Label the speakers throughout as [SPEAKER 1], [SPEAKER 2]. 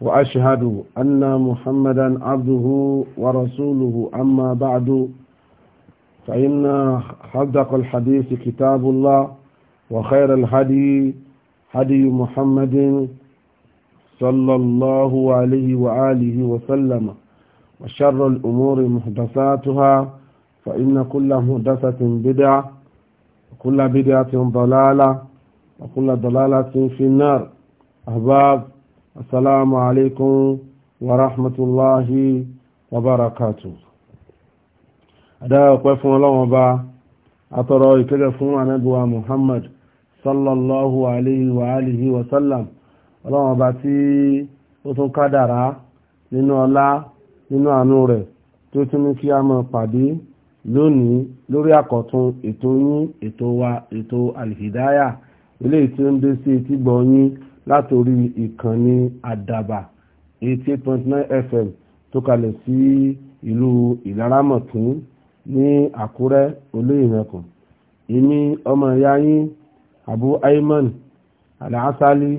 [SPEAKER 1] وأشهد أن محمدا عبده ورسوله أما بعد فإن حدق الحديث كتاب الله وخير الهدي هدي محمد صلى الله عليه وآله وسلم وشر الأمور محدثاتها فإن كل محدثة بدعة وكل بدعة ضلالة وكل ضلالة في النار أحباب assalamu alaikum wa rahmatullahi wa barakatuh adáwọ̀pẹ́ fún ọlọ́wọ́n bá àtọrọ ìkẹ́gẹ́ fún anábíwa muhammad sallallahu alaihi wa alihi wa sallam ọlọ́wọ́n bá tí ó tún kádàrá nínú ọlá nínú àánú rẹ̀ tó tún ní kí a mọ̀ pàdé lónìí lórí àkọ̀tún ètò yín ètò wa ètò alìfìdáyà eléyìí tí ó ń dé sí etí gbọ́ yín látòrí ìkànnì àdàbà eighty eight point nine fm tó kalẹ̀ sí ìlú ìlaramọ̀tún ní àkúrẹ́ olóyìnbẹ̀kùn èmi ọmọ ìyá yín abu ayman aláàsálí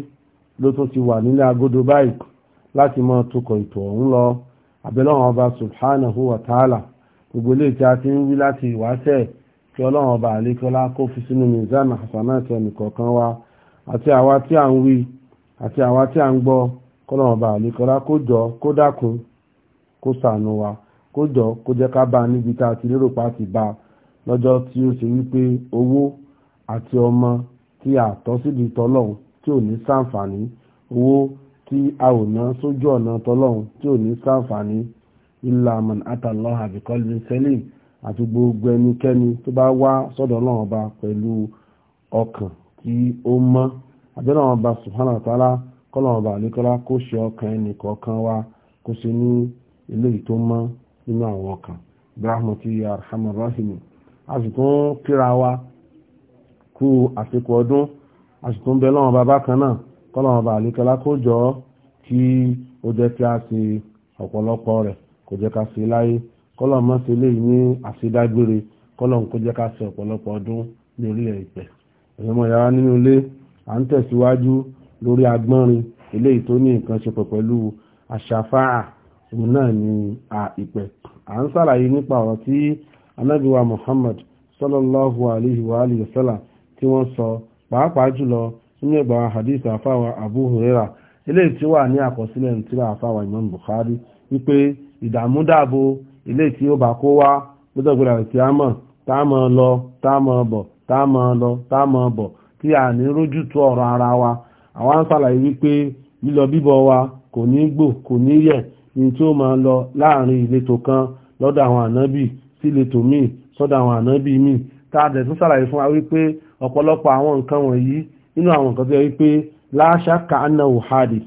[SPEAKER 1] ló tún ti wà nílé agodo báyìí láti mọ tukọ̀ ìtọ̀ ọ̀hún lọ abẹ́lọ́wọ̀n ọba subhanahu wa ta'ala gbogbo ilé tí a ti ń wí láti ìwáṣẹ̀ kí ọlọ́run ọba àlékọ́lá kó fi sínú mizan hasanat ẹnìkọ̀ọ̀kan wa àti àwa tí à ń wí àti àwa tí a ń gbọ́ kọ́lọ́mọba àlékọ́lá kó jọ kó dákun kó ṣàánú wa kó jọ kó jẹ́ ká bá níbi tá a ti lérò pa ti bá lọ́jọ́ tí ó ṣe wípé owó àti ọmọ tí a tọ́ síbi tọ́lọ́hún tí ò ní sàǹfààní owó tí a ò ná sójú ọ̀nà tọ́lọ́hún tí ò ní sàǹfààní illa man atallaha bi àti gbogbo ẹnikẹ́ni tó bá wá sọ́dọ̀ Ọlọ́run ọba pẹ̀lú ọkàn tí ó mọ́ àbẹ́rẹ́ wọn bá subhanahu wa ta'ala kọ́lọ̀ wọn bá àlékọ́lá kó ṣe ọkàn ẹnì kọ̀ọ̀kan wa kó ṣe ní eléyìí tó mọ́ nínú àwọn ọkàn ibrahim ti arhamar rahim a sì kíra wa kú àsìkò ọdún a sì tún bẹ lọ́wọ́n bàbá kan náà kọ́lọ̀ wọn bá àlékọ́lá kó jọ kí ó jẹ́ kí a ṣe ọ̀pọ̀lọpọ̀ rẹ̀ kó jẹ́ ká ṣe láyé kọ́lọ̀ mọ́ ṣe léyìí ní àṣedágbére kọ́lọ̀ kó jẹ́ ká ṣe ọ̀pọ̀lọpọ̀ ọdún ní orílẹ̀ ìpẹ́ ẹ̀yọ́mọ̀ yàrá nínú ilé à ń tẹ̀síwájú lórí agbọ́nrin eléyìí tó ní nǹkan ṣe pọ̀ pẹ̀lú àṣàfáà òun náà ni àìpẹ́ à ń sàlàyé nípa ọ̀rọ̀ tí ànábì Muhammad sallallahu alayhi wa alihi wa sallam tí wọ́n sọ pàápàá jùlọ nínú ẹgbà hadith àfáwà Abu Huraira eléyìí tí ó wà ní àkọsílẹ̀ ní tírà àfáwà Imam Bukhari wípé ìdààmúdààbò eléyìí tí ó bá kó wá gbọ́dọ̀ gbọ́dọ̀ tí a mọ̀ tá a mọ̀ lọ tá a mọ̀ bọ̀ tá a mọ̀ lọ tá a mọ̀ bọ̀ kí a ní rójú tó ọ̀rọ̀ ara wa àwa ń ṣàlàyé wípé lílọ bíbọ̀ wa kò ní gbò kò ní yẹ̀ ní tí ó máa lọ láàrin ìletò kan lọ́dọ̀ àwọn ànábì sí ìletò míì sọ́dọ̀ àwọn ànábì míì tá a dẹ̀ tún ṣàlàyé fún wa wípé ọ̀pọ̀lọpọ̀ àwọn nǹkan wọ̀nyí nínú àwọn nǹkan tó yẹ wípé láṣà kàánà òhàdì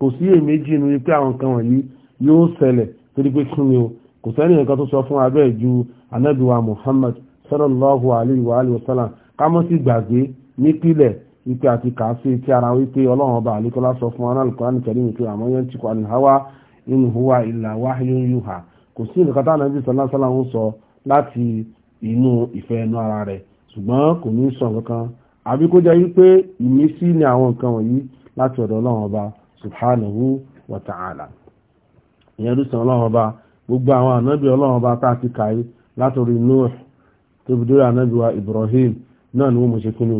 [SPEAKER 1] kò sí èméjì inú wípé àwọn nǹkan wọ̀nyí yóò ṣẹlẹ̀ torí pé kí ni o kò sẹ́ni nǹkan tó sọ fún abẹ́ ju ànábì Muhammad sallallahu alayhi wa sallam ká mọ́ sí gbàgbé nípìlẹ̀ wípé àti kà á sí etí ara wípé ọlọ́run ọba àlékọ́lá sọ fún aráàlú kan ní kẹrin wípé àmọ́ yẹn ti kọ́ àlè hawa in huwa illa wahyun yuha kò sí nǹkan tá ànábì sọ lásán láwọn sọ láti inú ìfẹ́ ẹnu ara rẹ̀ ṣùgbọ́n kò ní sọ kankan àbí kó jẹ́ wípé ìmísí ni àwọn nǹkan wọ̀nyí láti ọ̀dọ̀ ọlọ́run ọba subhanahu wa ta'ala ìyẹn ló sàn ọlọ́run ọba gbogbo àwọn ànábì ọlọ́run ọba tá a ti kàí látòrí Nuh tó fi ànábì wa Ibrahim náà ni wọ́n mọ̀ ṣe kínú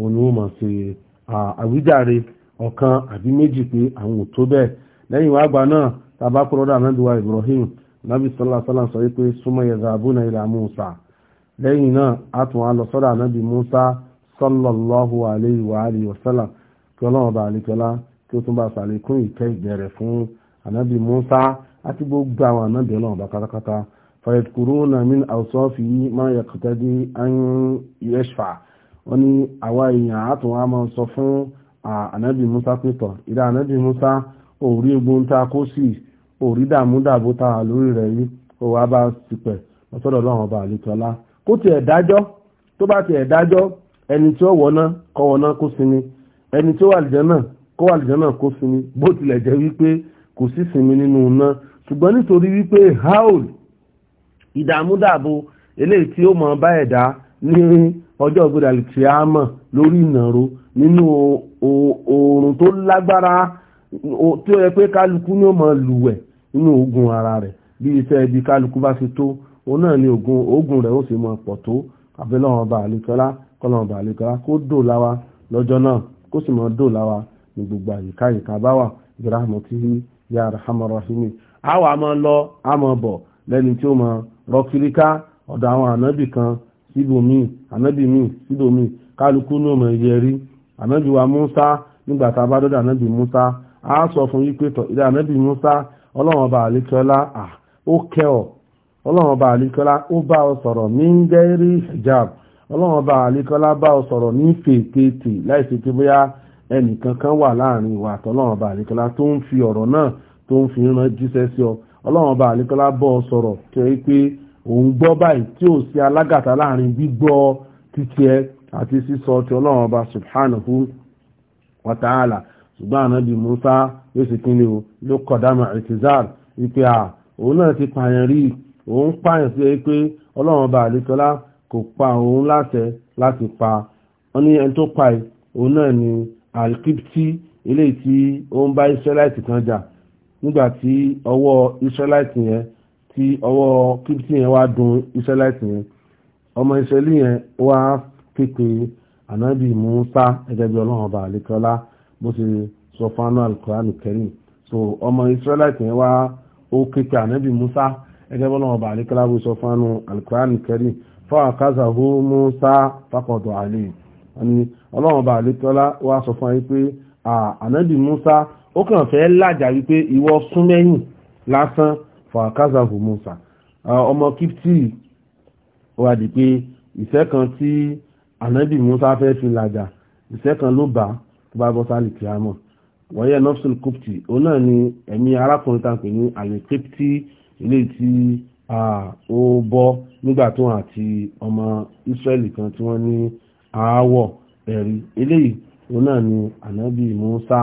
[SPEAKER 1] òun ni wọ́n máa ṣe àwíjàre ọ̀kan àbí méjì pé àwọn ò tó bẹ́ẹ̀ lẹ́yìn wá gba náà tàbá kúrò dà náà duwa Ibrahim nabi sallallahu alaihi wasallam sọ wípé súnmọ́ yẹn zàbù náà ila Musa lẹ́yìn náà a tún á lọ sọ́dọ̀ ànábì Musa sallallahu alaihi wa alihi wasallam kí ọlọ́run bá àlekọ́lá kí ó tún bá ṣàlékún ìkẹ́ ìbẹ̀rẹ̀ fún ànábì Musa àti gbogbo àwọn ànábì ọlọ́run bá kátákátá fayadkuruna min awsafihi ma yaqtadi an yashfa' wọ́n ní àwa èèyàn àtún wa máa sọ fún ànábì musa pẹ̀tọ̀ ìdá ànábì musa òórí egun tá a kó sí òórí dààmúdàbò tá a lórí rẹ̀ yìí ó wá bá sípẹ̀ lọ́sọ̀dọ̀ ọlọ́run ọba àlejòọlá kó tiẹ̀ dájọ́ tó bá tiẹ̀ dájọ́ ẹni tí ó wọná kó wọná kó sinmi ẹni tí ó wà lìjẹ́ náà kó wà lìjẹ́ náà kó sinmi bó tilẹ̀ jẹ́ wípé kò sí sinmi nínú iná ṣùgbọ́n nítorí wípé haul ìdààmúdàbò eléyìí tí ó mọ bá ẹ̀dá ní ọjọ́ ìgbéra kìámọ̀ lórí ìnàró nínú oòrùn tó lágbára tí ó yẹ pé kálukú ní ó mọ lùwẹ̀ nínú ogun ara rẹ̀ bí iṣẹ́ ibi kálukú bá ṣe tó òun náà ni ogun ogun rẹ̀ ó sì mọ pọ̀ tó àbẹ́lọ́wọ́n bá àlekọ́lá kọ́lọ́wọ́n bá àlekọ́lá kó dòòlà wa lọ́jọ́ náà kó sì mọ dòòlà wa ní gbogbo àyíká àyíká bá wà ìrahàmọ́tìhí yà àràhàmọ́rọ́hìmí a wà máa lọ a máa bọ̀ lẹ́ni tí ó mọ rọ́kìríkà ọ̀dọ̀ àwọn ànábì kan síbòmíì ànábì míì síbòmíì kálukú ní ọmọ ìyẹrí ànábì wa Musa nígbà tá a bá dọ́dọ̀ ànábì Musa a sọ fún yí pé tọ̀ ilé ànábì Musa ọlọ́run ọba àlékọ́lá ó kẹ́ ọ ọlọ́run ọba àlékọ́lá ó bá ọ sọ̀rọ̀ ní ń gẹ́rí hijab ọlọ́run ọba àlékọ́lá bá ọ sọ̀rọ̀ ní fèkéètè láìsí pé bóyá ẹnìkan kan wà láàrin ìwà àtọ́lọ́run ọba àlékọ́lá tó ń fi ọ̀rọ̀ náà tó ń fi rán jíṣẹ́ sí ọ ọlọ́run ọba àlékọ́lá bọ́ ọ sọ̀rọ̀ kẹ́ pé òun gbọ́ báyìí tí si alagata alágàtà láàrin gbígbọ́ títí ẹ àti sísọ ti ọlọ́run ọba subhanahu wa ta'ala ṣùgbọ́n ànábì musa yóò sì kí ni o ló kọ̀dámà ìtìzáàr wípé à òun náà ti pààyàn rí òun pààyàn sí pé ọlọ́run ọba àlékọ́lá kò pa òun láṣẹ láti pa wọ́n ní ẹni tó pa ẹ̀ òun náà ni alkipti eléyìí tí ó ń bá israelite kan jà nígbà tí ọwọ́ israelite yẹn tí ọwọ́ kírísítì yẹn wá dùn israelite yẹn ọmọ israeli yẹn wá pèpè anabi musa gẹ́gẹ́ bí ọlọ́run ọba àlekọlá bó ṣe sọ fánú alukóránù kẹrin so ọmọ israelite yẹn wá ó pèpè anabi musa gẹ́gẹ́ bí ọlọ́run ọba àlekọlá bó sọ fánú alukóránù kẹrin fún àkàzà hó musa fàkọ̀dọ̀ àlè ni ọlọ́run ọba àlekọlá wá sọ fún ayé pé anabi musa ó kàn fẹ́ lájà wípé ìwọ sún lásán fàákàzàhù musa ọmọ kíptì wà di pé ìṣẹ́ kan tí ànábì musa fẹ́ fi làjà ìṣẹ́ kan ló bá tó bá bọ́ sálì kìámọ̀ wọ́yẹ̀ nọ́fṣìl kíptì ó náà ni ẹ̀mí arákùnrin tàǹkì ní àlè kíptì ilé tí ó bọ́ nígbà tó àti ọmọ ìsírẹ́lì kan tí wọ́n ní aáwọ̀ ẹ̀rí eléyìí òun náà ni ànábì musa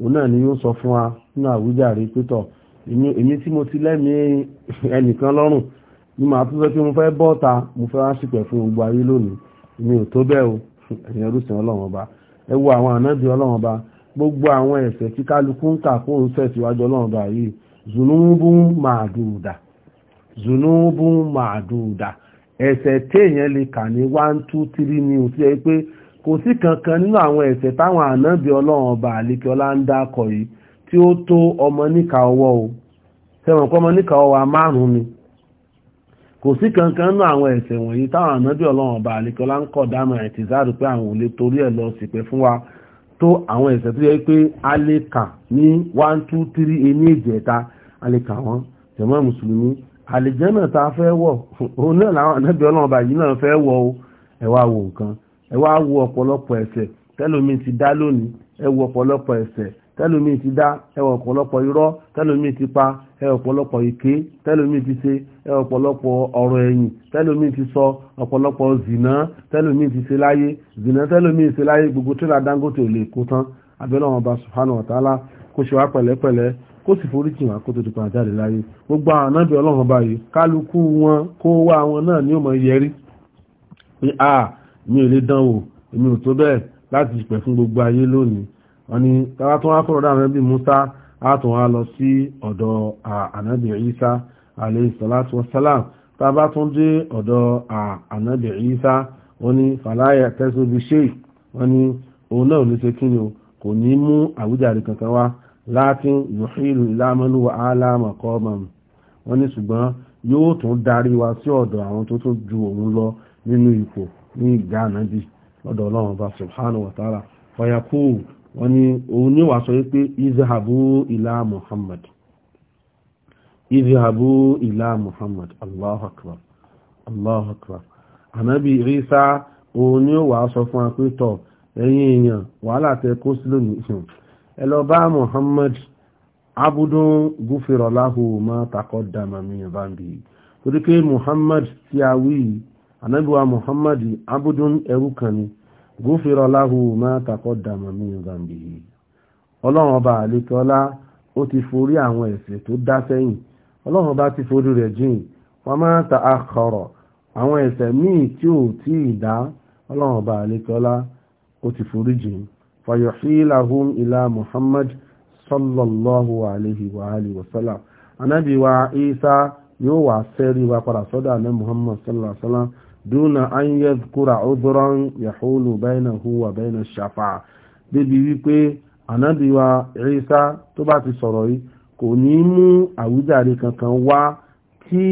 [SPEAKER 1] òun náà ni yóò sọ fún wa nínú àwíjàre pétọ̀ èmi tí mo ti lẹ́mìí ẹnìkan lọ́rùn ní màá tún sọ pé mo fẹ́ bọ́ta mo fẹ́ wá ṣìpẹ̀ fún gbogbo ayé lónìí èmi ò tó bẹ́ẹ̀ o ẹ̀yìn ẹrúsìn ọlọ́run ọba ẹ wo àwọn ànábì ọlọ́run ọba gbogbo àwọn ẹ̀ṣẹ̀ tí kálukú ń kà fún òun fẹ̀síwájú ọlọ́run ọba yìí zùnúbùn màdùdà zùnúbùn màdùdà ẹ̀ṣẹ̀ téèyàn lè kà ní one two three ni ò sí ẹ pé kò sí kankan nínú àwọn ẹ̀ṣẹ̀ táwọn ànábì ọlọ́run ọba àlékè ọlá ń dákọ̀ yìí tí ó tó ọmọ níka ọwọ́ o sẹ́wọ̀n kọ́ ọmọ níka ọwọ́ márùn-ún ni kò sí kankan náà àwọn ẹ̀ṣẹ̀ wọ̀nyí táwọn ànábì ọlọ́run ọba àlekọ́lá ń kọ̀ dáná ẹ̀tì záàdù pé àwọn ò lè torí ẹ̀ lọ sípẹ́ fún wa tó àwọn ẹ̀ṣẹ̀ tó yẹ pé a lè kà ní one two three ení ìjẹta a lè kà wọ́n jẹ̀mọ́ mùsùlùmí àlìjẹ́nà tá a fẹ́ wọ̀ òun náà làwọn ànábì ọlọ́run ọba yìí náà fẹ́ wọ̀ o ẹ wá wo nǹkan ẹ wá wo ọ̀pọ̀lọpọ̀ ẹ̀ṣẹ̀ tẹ́lómi ti dá lónìí ẹ wo ọ̀pọ̀lọpọ̀ ẹ̀ṣẹ̀ tẹ́lómi ti dá ẹwọ̀ ọ̀pọ̀lọpọ̀ irọ́ tẹ́lómi ti pa ẹwọ̀ ọ̀pọ̀lọpọ̀ èké tẹ́lómi ti ṣe ẹwọ̀ ọ̀pọ̀lọpọ̀ ọ̀rọ̀ ẹ̀yìn tẹ́lómi ti sọ ọ̀pọ̀lọpọ̀ zìnà tẹ́lómi ti ṣe láyé zìnà tẹ́lómi ṣe láyé gbogbo tí Dangote ò lè kó tán abẹ́lẹ́ wọn bá subhanahu wa ta'ala kó ṣe wá pẹ̀lẹ́pẹ̀lẹ́ kó sì forí tì wá kó tó ti pa jáde láyé gbogbo àwọn anábì ọlọ́run báyìí kálukú wọn kó wá wọn náà ní òmò yẹrí pé a mi ò lè dánwò èmi ò tó bẹ́ẹ̀ láti pẹ̀ fún gbogbo ayé lónìí wọ́n ní tàbá tó wá kúrò dáàmẹ́ bí Musa àtún wá lọ sí ọ̀dọ̀ ànábì Isa alayhi salatu wassalam tàbá tún dé ọ̀dọ̀ ànábì Isa wọ́n ní fàlàyé tẹ́sùn bí ṣe wọ́n ní òun náà ní ṣe kíni o kò ní mú àwùjáde kankan wá láti yòhílù ìlàmọ́lù aláàmọ̀kọ́mọ̀ wọ́n ní ṣùgbọ́n yóò tún darí wa sí ọ̀dọ̀ àwọn tó tún ju òun lọ nínú ipò ní ìgbà ànábì ọ̀dọ̀ ọlọ́run ọba subhanahu wa ta'ala fọyàkúù wọ́n ní òun ní wà sọ wípé izhabu ila muhammad izhabu ila muhammad allahu akbar allahu akbar anabi isa òun ní wà sọ fún apétọ̀ ẹ̀yin èèyàn wàhálà tẹ kó sí lónìí ẹ lọ bá muhammad abudun gúfèrò láhù ma taqaddama min dhanbi torí pé muhammad tí a wí anabi muhammad abudun ẹrú kan ni gúfèrè ọláhù máa takọ́ dàmà mí ìgbàmbì yìí ọlọ́run ọba àlékọ́lá ó ti forí àwọn ẹ̀ṣẹ̀ tó dá sẹ́yìn ọlọ́run ọba ti forí rẹ̀ jìn wọ́n máa ta akọ̀rọ̀ àwọn ẹ̀ṣẹ̀ míì tí ò tí ì dá ọlọ́run ọba àlékọ́lá ó ti forí jìn fayọ̀hílàhùn ilá muhammad sallallahu alayhi wa alihi wa sallam anábì isa yóò wà sẹ́rí wa padà sọ́dọ̀ àná muhammad sallallahu alayhi wa sallam dúnà anyed kúrà ọdúnrán yàhólù bẹ́ẹ̀nà huwa bẹ́ẹ̀nà ṣàfà débi wípé ànábìwa Ìsá tó bá ti sọ̀rọ̀ yìí kò ní mú àwíjàre kankan wá tí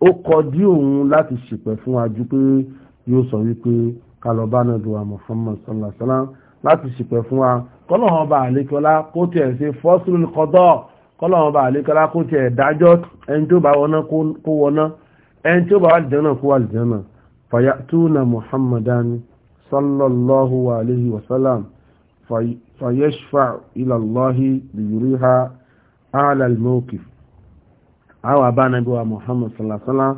[SPEAKER 1] ó kọjú òun láti ṣìpẹ̀ fún ajú pé yóò sọ wípé kalọ̀bá náà dùn àmọ̀ fún mọ̀ sọ́làsọ́lá láti ṣìpẹ̀ fún wa kọ́lọ̀hàn bá àlékọ́lá kó tiẹ̀ ṣe fọ́sùlù kọ́dọ̀ kọ́lọ̀hàn bá àlékọ́lá kó tiẹ̀ dájọ́ ẹni tó bá wọná kó wọná ẹni tó bá wà lìjẹ́ náà kó wà lìjẹ́ náà fayatuna muhammadan sallallahu alayhi wa sallam fayashfa ila allahi liyuriha ala almawqif awa ba nabi wa muhammad sallallahu alayhi wa sallam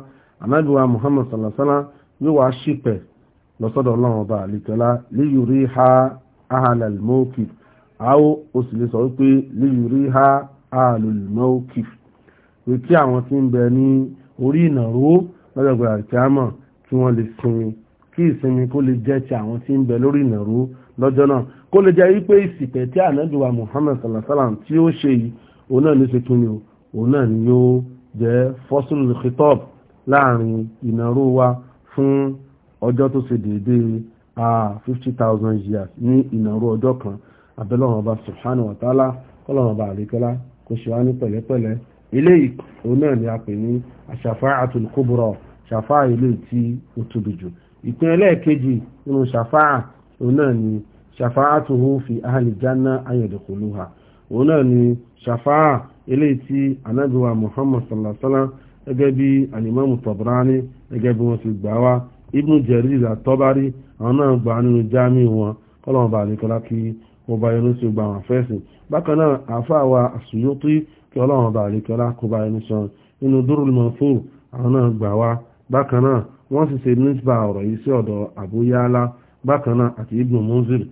[SPEAKER 1] anabi wa muhammad sallallahu alayhi wa sallam yóò wá ṣìpẹ̀ lọ́sọ́dọ̀ ọlọ́run ọba àlìkọ́lá liyuriha ala almawqif awo o sì lè sọ wípé liyuriha ala almawqif pé kí àwọn tí ń bẹ ní orí ìnàró lọ́jọ́ gbọ́dọ̀ àti àmọ́ kí wọ́n lè sinmi kí ìsinmi kó lè jẹ́ ti àwọn tí ń bẹ lórí ìnàró lọ́jọ́ náà kó lè jẹ́ wípé ìsìpẹ̀ tí ànájúwa Muhammad salasalam tí ó ṣe yìí òun náà ní ṣe kí ni o òun náà ni yóò jẹ́ fọ́sùlù khitab láàrin ìnàró wa fún ọjọ́ tó ṣe déédéé a fifty thousand years ní ìnàró ọjọ́ kan abẹ́lọ́wọ̀n ọba subhanahu wa ta'ala kọ́lọ́wọ̀n ọba àríkọ́lá kò ṣe wá ní pẹ̀lẹ́pẹ̀lẹ́ eléyìí òun náà ni a pè ní àṣàfáà àtúnkúbùrọ̀ ṣàfáà ilé tí ó tóbi jù ìpín ẹlẹ́ẹ̀kejì nínú ṣàfáà òun náà ni ṣàfáà tó hó fi ahli janna ayẹ̀dẹ̀kọ̀lúhà òun náà ni ṣàfáà ilé tí anábíwá muhammad sallallahu alaihi wasallam gẹ́gẹ́ bí alimami tabrani gẹ́gẹ́ bí wọ́n ti gbà wá ibnu jarir àtọ́bárí àwọn náà gbà nínú jámì wọn kọ́lọ́mọba àníkọ́lá kí wọ́n bá yẹn ló ṣe gbà wọn fẹ́sìn bákan náà àáfàá wa àsùyótì kí ọlọ́mọba àníkọ́lá kó bá yẹn ló ṣan nínú durul manthur àwọn náà gbà wá bákan náà wọ́n sì ṣe nípa ọ̀rọ̀ yìí sí ọ̀dọ̀ Abu Ya'la bákan náà àti Ibn Munzir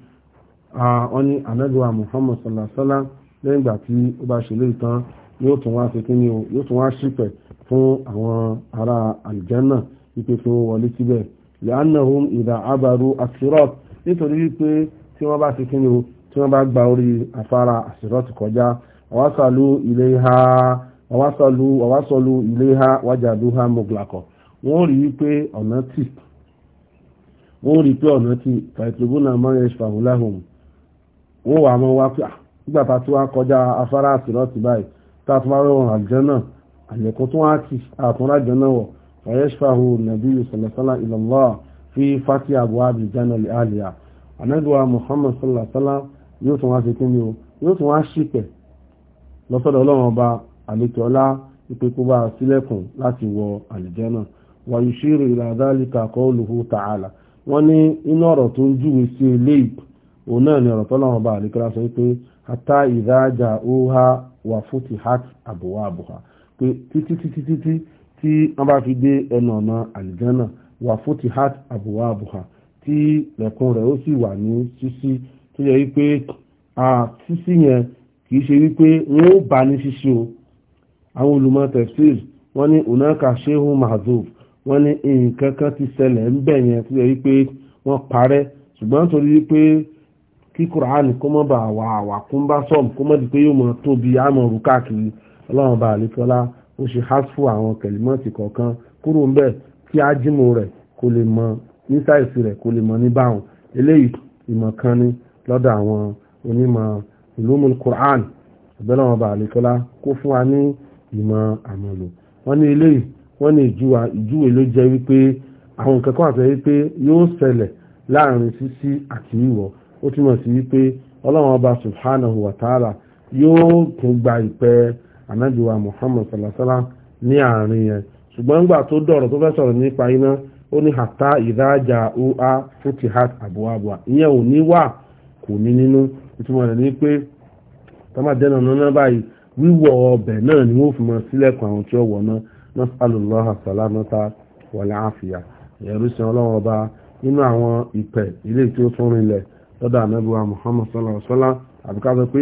[SPEAKER 1] wọ́n ní anagba Muhammad sallallahu alaihi wasallam lẹ́yìn ìgbà tí ó bá ṣe léyìí tán yóò tún wá ṣe kíni o yóò tún wá ṣìpẹ̀ fún àwọn ará àlìjánà wípé fún wọlé síbẹ̀ lẹ́ánàhùn ìdá àbàrú àṣírọ́t nítorí wípé tí wọ́n bá ṣe kíni o tí wọ́n bá gba orí afárá àṣírọ́t kọjá ọwásọ̀lú ilé ha wájàdú ha mọ̀gbàkọ̀ wọ́n rí wípé ọ̀nà tì wọ́n rí pé ọ̀nà tì fàìtìlúbùnà mọ́rẹ́ṣ fàmúláhùn wọ́n wà mọ́ wá pé ah, nígbà tá a tún wá kọjá afárá àtìrọ́tì báyìí tá a tún wá rọrùn àlùjánnà àlẹ́kùn tún wá tì àtúnrà àlùjánnà wọ̀ fàyẹ́ṣ fàhùn nàbí sọ̀lọ̀sọ́lá ìlọ́lọ́ fi fati àbúwá àbìjánà àlìyà ànágbèwà Muhammad sọ̀lọ̀sọ́lá yóò tún wá ṣe kí ni o yóò tún wá ṣìpẹ̀ lọ́sọ̀dọ̀ ọlọ́run ọba àlejò ọlá ìpẹ́kọ́ bá sílẹ̀kùn láti wọ àlùjánnà wàyíṣírò ìlàdálìkà qawluhu ta'ala wọ́n ní inú ọ̀rọ̀ tó ń júwe sí eléyìí òun náà ni ọ̀rọ̀ tó láwọn bá àlékèrè sọ pé hatta ìdájà óhá wà fúti hat àbúwá àbúhá pé títí títí títí tí wọ́n bá fi dé ẹnu ọ̀nà àlìjánà wà fúti hat àbúwá àbúhá tí lẹ̀kùn rẹ̀ ó sì wà ní ṣíṣí tó yẹ wípé ṣíṣí yẹn kì ṣe wípé wọ́n ó bá ní ṣíṣí o àwọn olùmọ̀ tafsir wọ́n ní unaka shehun mahzuf wọ́n ní nǹkan kan ti ṣẹlẹ̀ ń bẹ̀ yẹn tó yẹ wípé wọ́n parẹ́ ṣùgbọ́n torí wípé kí kùránì kó mọ́ bá wà wà kún bá sọ̀m kó mọ́ di pé yóò mọ̀ tóbi àmọ̀rù káàkiri ọlọ́run bá àlékọ́lá ó ṣe hásfù àwọn kẹlímọ́ọ̀tì kọ̀ọ̀kan kúrò ń bẹ̀ kí ájímù rẹ̀ kó lè mọ nísàìsì rẹ̀ kó lè mọ ní báwọn eléyìí ìmọ̀ kan ní lọ́dọ̀ àwọn onímọ̀ ulumul kùránì ọ̀bẹ́lọ́run bá àlékọ́lá kó fún wa ní ìmọ̀ àmọ̀lò wọ́n ní eléyìí wọ́n ní ìjúwa ìjúwe ló jẹ́ wípé àwọn nǹkan kan wípé yóò ṣẹlẹ̀ láàrin sísí àti wíwọ̀ ó túmọ̀ sí wípé ọlọ́run ọba subhanahu wa ta'ala yóò tún gba ìpẹ́ anábìwa muhammad salasala ní àárín yẹn ṣùgbọ́n ńgbà tó dọ̀rọ̀ tó fẹ́ sọ̀rọ̀ nípa iná ó ní hàtá ìdájà ìyẹn ò ní wà kò ní nínú ìtumọ̀ rẹ̀ pé náà náà báyìí ọbẹ̀ náà ni nasalullaha salamata wal afiya ẹ̀rú sin ọlọ́run ọba nínú àwọn ìpẹ̀ ilé tí ó tún rinlẹ̀ lọ́dọ̀ anábíwá muhammad sallallahu alaihi wasallam àbíkájọ pé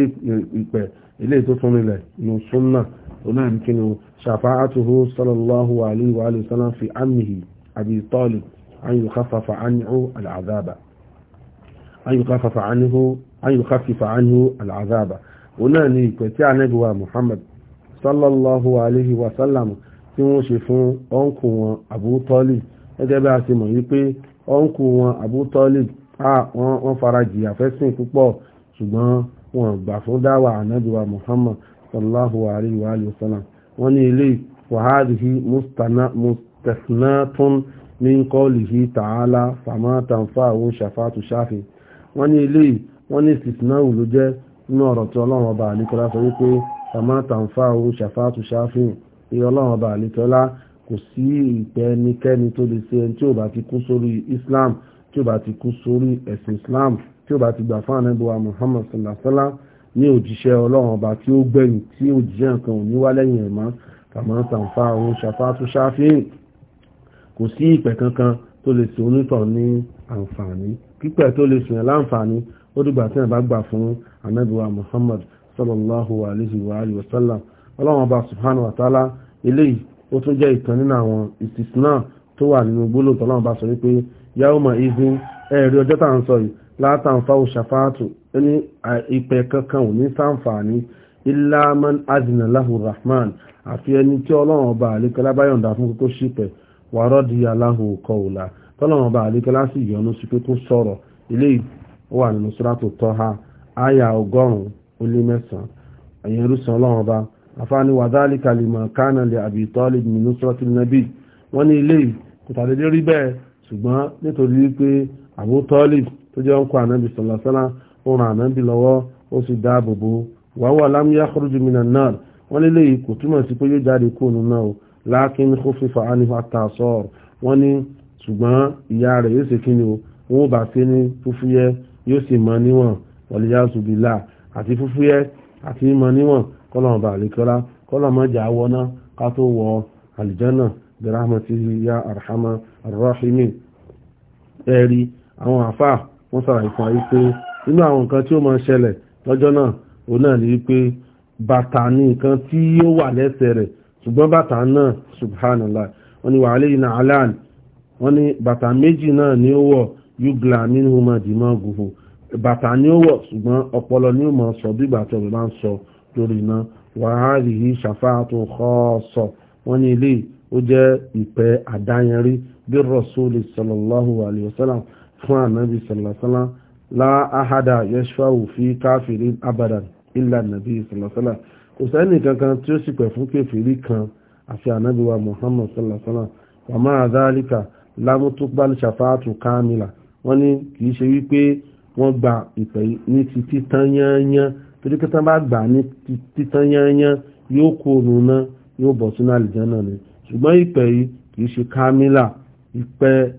[SPEAKER 1] ìpẹ̀ ilé tó tún rinlẹ̀ ní súnnà onáàmìkínú ṣàfáàtúhú sallallahu alaihi wa sallam fi ammihi abi talib an yukhaffafa anhu al'azaba an yukhaffafa anhu an yukhaffifa anhu al'azaba onáà ni ìpẹ̀ tí anábíwá muhammad sallallahu alaihi wa sallam tí wọ́n ṣe fún ọ́nkù wọn Abu Talib gẹ́gẹ́ bí a ti mọ̀ yí pé ọ́nkù wọn Abu Talib wọ́n fara jìyà fẹ́sìn púpọ̀ ṣùgbọ́n wọn gbà fún dáwà ànábìwà Muhammad sallallahu alayhi wa sallam wọ́n ní ilé wàhálìhí mustasnatun min qawlihi ta'ala fama tanfa'u shafa'atu shafi wọ́n ní ilé wọ́n ní istisnau ló jẹ́ nínú ọ̀rọ̀ tí ọlọ́run ọba àníkọ́lá sọ wípé fama tanfa'u shafa'atu shafi' ìrọ̀lọ́run ọba àlekẹ́ọ́lá kò sí ìpẹ́ ẹnikẹ́ni tó lè ṣe ẹni tí ò bá ti kú sórí Islam tí ò bá ti kú sórí ẹ̀sìn Islam tí ò bá ti gbà fún ànábì Muhammad sallallahu alaihi wa sallam ní òjíṣẹ́ ọlọ́run ọba tí ó gbẹ̀yìn tí òjíṣẹ́ nǹkan ò ní wá lẹ́yìn ẹ̀ mọ́ kàmọ́ sàǹfà òun ṣàfàtú ṣáfíìn kò sí ìpẹ́ kankan tó lè ṣe onítọ̀ ní àǹfààní pípẹ́ tó lè ṣùyàn láǹfààní ó dìgbà tí ẹ̀ bá gbà fún ànábì Muhammad sallallahu alaihi wa sallam ọlọ́run ọba subhanahu wa ta'ala eléyìí ó tún jẹ́ ìkan nínú àwọn ìsìsínà tó wà nínú gbólóòtọ́ ọlọ́run ọba sọ wípé yawma izin ẹ̀rí ọjọ́ tá à ń sọ yìí látàǹfà òṣàfáàtù ní ìpẹ́ kankan ò ní sáǹfààní illa man rahman àfi ẹni tí ọlọ́run ọba àlékẹ́lá bá yọ̀ǹda fún kókó ṣípẹ̀ wàrọ́dìyà lahu qawla tọ́lọ́run ọba àlékẹ́lá sì yọ́nú sí pé kó sọ̀rọ̀ eléyìí wà nínú sùràtù Tọ́há àyà ọgọ́rùn-ún ó lé mẹ́sàn-án àyẹ̀rú sàn ọlọ́run ọba àfáàní wàdálì kalima kánà lè àbí tọ́lì minusrati nabi wọ́n ní ilé kòtàlédé rí bẹ́ẹ̀ ṣùgbọ́n nítorí wípé àbú tọ́lì tó jẹ́ ọkọ̀ ànábì sọ̀lọ́sọ́lá ó ràn ànábì lọ́wọ́ ó sì dáàbò bò wàhùn alámúyá kọ́rọ́jù minan nar wọ́n nílé kò túmọ̀ sí pé yóò jáde kóònù náà o láàkín kó fífa ánìfà àtàṣọ́ wọ́n ní ṣùgbọ́n ìyá rẹ̀ yóò ṣe kíni o wọ́n bá ṣe ní fúfúyẹ́ yóò sì mọ níwọ̀n wọ̀lẹ́yà ṣùgbìlà àti fúfúyẹ́ àti mọ níwọ̀n kọ́lọ́mù bá àlekọ́lá kọ́lọ́mù ọjà wọná ká tó wọ àlìjánà birahmatihi ya arhama arrahimin ẹ̀rí àwọn àfà wọ́n sàràyí fún ayé pé inú àwọn nǹkan tí ó máa ṣẹlẹ̀ lọ́jọ́ náà òun náà ní pé bàtà ní nǹkan tí ó wà lẹ́sẹ̀ rẹ̀ ṣùgbọ́n bàtà náà subhanallah wọ́n ní wàhálẹ́ iná alan wọ́n ní bàtà méjì náà ni ó wọ̀ yugla nínú huma dìímọ̀ gùhù bàtà ni ó wọ̀ ṣùgbọ́n ọpọlọ ni ó máa sọ bí bàtà ọ̀rọ̀ máa ń sọ lórí iná wàhálì yìí ṣàfáàtò kọ́ọ̀sọ̀ wọ́n ní ilé ó jẹ́ ìpẹ́ àdáyẹnrí bí rọ̀súlì sallallahu alayhi wa sallam fún ànábì sallallahu alayhi wa sallam la ahada yashfa'u fi káfírin abadan illa nàbí sallallahu alayhi wa sallam kò sẹ́ni kankan tí ó sì pẹ̀ fún kèfèrí kan àfi ànábì wa muhammad sallallahu alayhi wa sallam wa ma'a dhalika lámútúgbàlì ṣàfáàtù kámìlà wọ́n ní kìí ṣe wípé wọ́n gba ìpè ní ti títán yányán torí pé tán bá gbà ní títán yányán yóò kó oòrùn náà yóò bọ̀ sínú àlìjánà ni ṣùgbọ́n ìpẹ́ yìí kì í ṣe kámílà ìpẹ́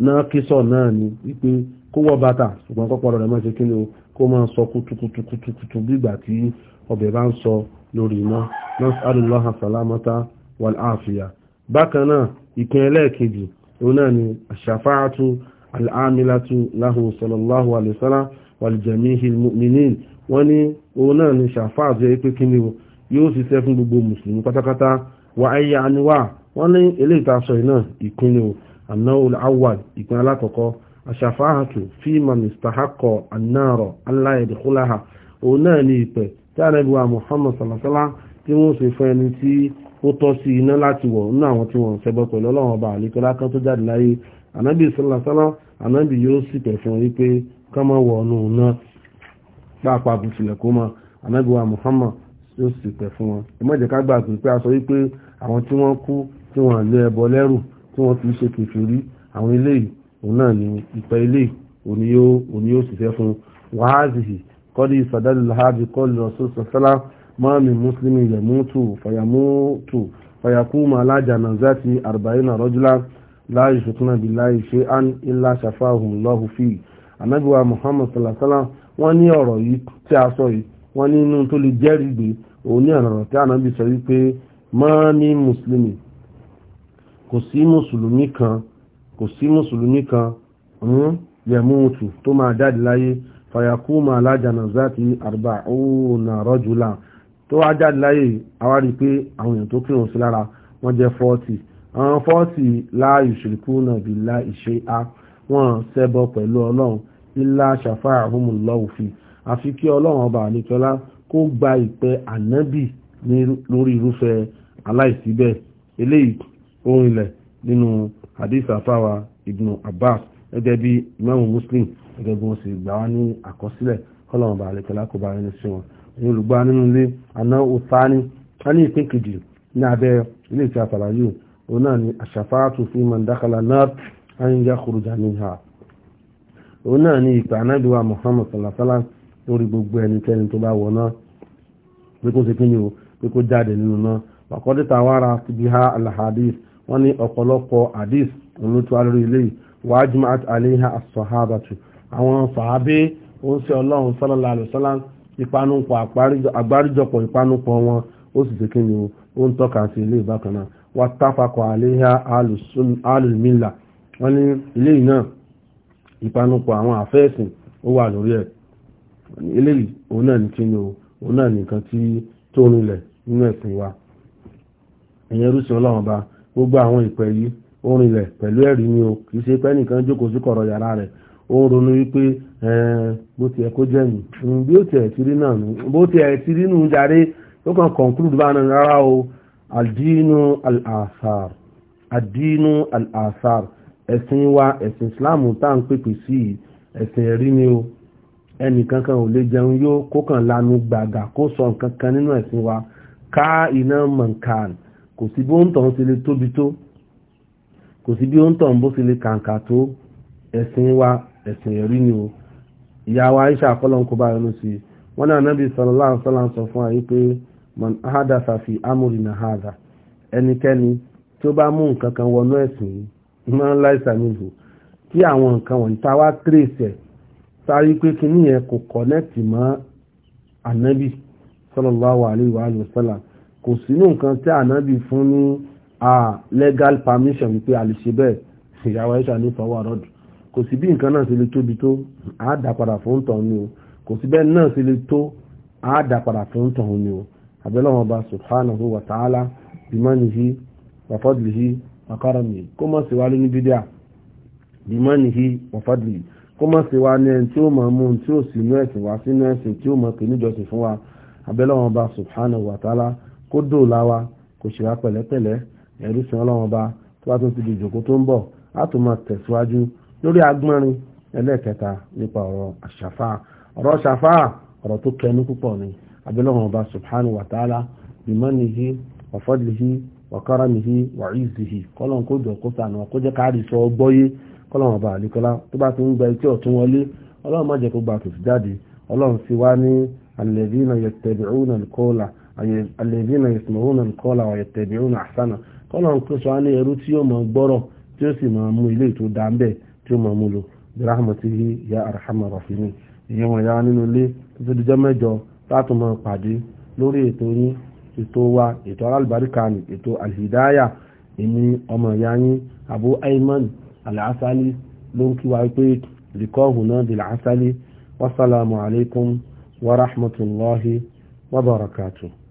[SPEAKER 1] náà kíṣọ̀ náà ni wípé kó wọ bàtà ṣùgbọ́n kọ́pọ̀rọ̀ rẹ̀ máa ṣe kí ni o kó máa sọ kùtùkùtùkùtù bígbà tí ọbẹ̀ bá ń sọ lórí iná nas'alullaha salamata wal afiya bákan náà ìpín ẹlẹ́ẹ̀kejì òun náà ni àṣàfáàtú al-amilatu lahu sallallahu alayhi wa sallam wọ́n ní òun náà ni ṣàfáà tó yẹ pé kí ni o yóò ṣiṣẹ́ fún gbogbo mùsùlùmí pátápátá wà ayé àníwá wọ́n ní ilé ìtasọ̀ iná ìpinnu anáwó awad ìpín alákọ̀ọ́kọ́ àṣàfáàtù fíìmà mìsítàhákọ̀ anáàrọ̀ aláìdìkúláhà òun náà ni ìpẹ̀ tí àrẹ́bíwá muhammad salasala tí wọ́n ṣe fún ẹni tí ó tọ́ sí iná láti wọ̀ nínú àwọn tí wọ́n ṣẹbọ pẹ̀lú ọlọ́run ọba àlékọ́lá kan tó pàápàá bó tilẹ̀ kó mọ ànábì wa Muhammad yóò sì pẹ̀ fún wọn ẹ má jẹ́ ká gbà pé a sọ wípé àwọn tí wọ́n kú tí wọ́n lé ẹbọ lẹ́rù tí wọ́n fi ṣe kèfèrí àwọn eléyìí òun náà ni ìpẹ́ eléyìí òní yóò òní yóò sì fẹ́ fún wàhálì kọ́dí ìsàdálì làhábì kọ́lù ọ̀sùn sọ̀sọ́lá máa mi mùsùlùmí yẹ̀mútù fàyàmútù fàyàkúmù alájànà záti àrùbáyínà rọ́júlá láàyè ṣùtúnà bí láàyè ṣe án ilá ṣàfáhùn lọ́hùn fíì anábíwá Muhammad sallallahu alaihi wasallam wọ́n ní ọ̀rọ̀ yìí tí a sọ yìí wọ́n ní inú tó lè jẹ́rìí gbé òun ní ọ̀rọ̀ tí ànábì sọ wípé mọ́ ní mùsùlùmí kò sí mùsùlùmí kan kò sí mùsùlùmí kan hmm, yẹmúùtù tó máa jáde láyé fàyàkúmà alájànà záti àrùbà òòrùnà rọ́jùlá tó wá jáde láyé àwárí pé àwọn èèyàn tó kírun sí lára wọ́n jẹ́ fọ́ọ̀tì àwọn fọ́ọ̀tì láàyè ṣèlú kúrò náà bí láì ṣe á wọ́n ṣẹbọ pẹ̀lú ọlọ́run ilá shafa'ahumullahu fi àfi kí ọlọ́run ọba àníkọlá kó gba ìpè ànábì lórí irúfẹ́ aláìsí bẹ́ẹ̀ eléyìí orin ilẹ̀ nínú hadith àfáwà ibn abbas gẹ́gẹ́ bí imáàmù muslim gẹ́gẹ́ bí wọ́n sì gbà wá ní àkọsílẹ̀ kọ́lọ́run ọba àníkọlá kó bá ẹni sí wọn ní olùgbà nínú ilé àná òtáni a ní ìpín kejì ní abẹ́ ilé ìtì àtàlàyé òun náà ni àṣàfáàtù fi man dakhala nar an yakhruja minha òun náà ni ìpè anábìwá Muhammad salasala lórí gbogbo ẹnikẹ́ni tó bá wọ̀ náà pé kó ṣe o pé kó jáde nínú náà síbi ha alhadis wọ́n ní ọ̀pọ̀lọpọ̀ hadis òun ló tó alórí ilé yìí wàájúmọ́ àléhà asọ̀hábàtù àwọn sàábé òun ọlọ́run sọ́lọ́lá àlùsọ́lá ìpanupọ̀ àgbáríjọpọ̀ ìpanupọ̀ wọn ó sì ṣe o ó ń tọ́ka sí ilé ìbákan náà wọ́n ní ilé yìí ìpanupọ̀ àwọn àfẹ́ẹ̀sìn ó wà lórí ẹ̀ eléyìí òun náà ní kíni o òun náà nìkan tí tó rinlẹ̀ nínú ẹ̀sìn wa ẹ̀yẹn rúṣin ọlọ́run ba gbogbo àwọn ìpẹ́ yìí ó rinlẹ̀ pẹ̀lú ẹ̀rí ni o kì í ṣe pé nìkan jókòó sí kọ̀rọ̀ yàrá rẹ̀ ó ń ronú wípé bó tiẹ̀ kó jẹ́ mi bí ó tiẹ̀ ti rí náà nù bó tiẹ̀ ti rí nù jáde ó kàn conclude bá náà rárá o àdínú al àdínú al ẹ̀sìn wa ẹ̀sìn islam tá à ń pèpè sí ẹ̀sìn ẹ̀rí ni o ẹnìkankan ò lè jẹun yó kó kàn lanu gbàgà kó sọ nǹkan kan nínú ẹ̀sìn wa ká iná mọ̀nkàn kò sí bí ó ń tàn ṣe lè tóbi tó kò sí bí ó ń tàn bó ṣe lè kàǹkà tó ẹ̀sìn wa ẹ̀sìn ẹ̀rí ni o ìyá wa Aisha akọ́lọ́n kó bá yọnu sí i wọ́n ní anábì sallallahu alaihi wasallam sọ fún àyè pé man ahadasa fi amúrinà hàdà ẹnikẹ́ni tí ó bá mú nǹkan kan wọnú ẹ̀sìn yìí máa ń láìsàn nílùú kí àwọn nǹkan wọ̀nyí tá a wá tírèsì ẹ̀ sáré pé kíní yẹn kò kọ̀nẹ́tì mọ́ ànábì sallallahu alaihi wa sallam kò sínú nǹkan tí ànábì fún ní legal permission wípé a lè ṣe bẹ́ẹ̀ ìyàwó ẹ̀ṣà ní fọwọ́ àrọ́dù kò sí bí nǹkan náà ṣe lè tóbi tó àádà padà fún tàn ni o kò sí bẹ́ẹ̀ náà ṣe lè tó àádà padà fún tàn ni o àbẹ́lẹ́wọ̀n ọba subhanahu wa ta'ala bimanihi wa fadlihi àkàràmì kó mọ̀ sí wa lóní bídíà bímánìhì wàfàdìlì kó mọ̀ sí wa ní ẹni tí ó mọ̀ mú tí ó sì nú ẹ̀sìn wá sínú ẹ̀sìn tí ó mọ̀ pè níjọsìn fún wa abẹ́lẹ́wọ̀n ọba subhanahu wa ta'ala kó dòòlà wa kò ṣe wá pẹ̀lẹ́pẹ̀lẹ́ ẹ̀rú sin ọlọ́wọ́n ọba tó bá tún ti di ìjòkó tó ń bọ̀ á tún máa tẹ̀síwájú lórí agbọ́nrin ẹlẹ́ẹ̀kẹta nípa ọ̀rọ̀ àṣàfà ọ̀rọ̀ àṣàfà ọ̀rọ̀ tó kẹnu púpọ̀ ni abẹ́lẹ́wọ̀n ọba subhanahu wa ta'ala bímánìhì wàfàdìlì wàkáràmìhí wàízìhì kọ́lọ̀n kó jọ kó sànù kó jẹ́ káàrí sọ gbọ́yé kọ́lọ̀n ọba àlékọ́lá tó bá ti ń gba etí ọ̀tún wọlé ọlọ́run má jẹ́ kó gba tòsí jáde ọlọ́run sì wá ní alẹ́bínà yẹtẹ̀bìrúnà kọ́là alẹ́bínà kọ́là wà yẹtẹ̀bìrúnà àsánà kó sọ ẹrú tí yóò mọ gbọ́rọ̀ tí ó sì mọ mú ilé ètò tí ó mọ mú lò ya ìyẹn wọn ya nínú ilé tó dijọ́ mẹ́jọ pàdé lórí ètò yín ètò wa ètò alálùbáríkà ni ètò alhidaya èmi ọmọ ìyá yín abu ayman alásálí ló ń kíwa pé lìkọ́hù náà di làásálí wasalaamu alaykum wa rahmatulahi wa barakatuh.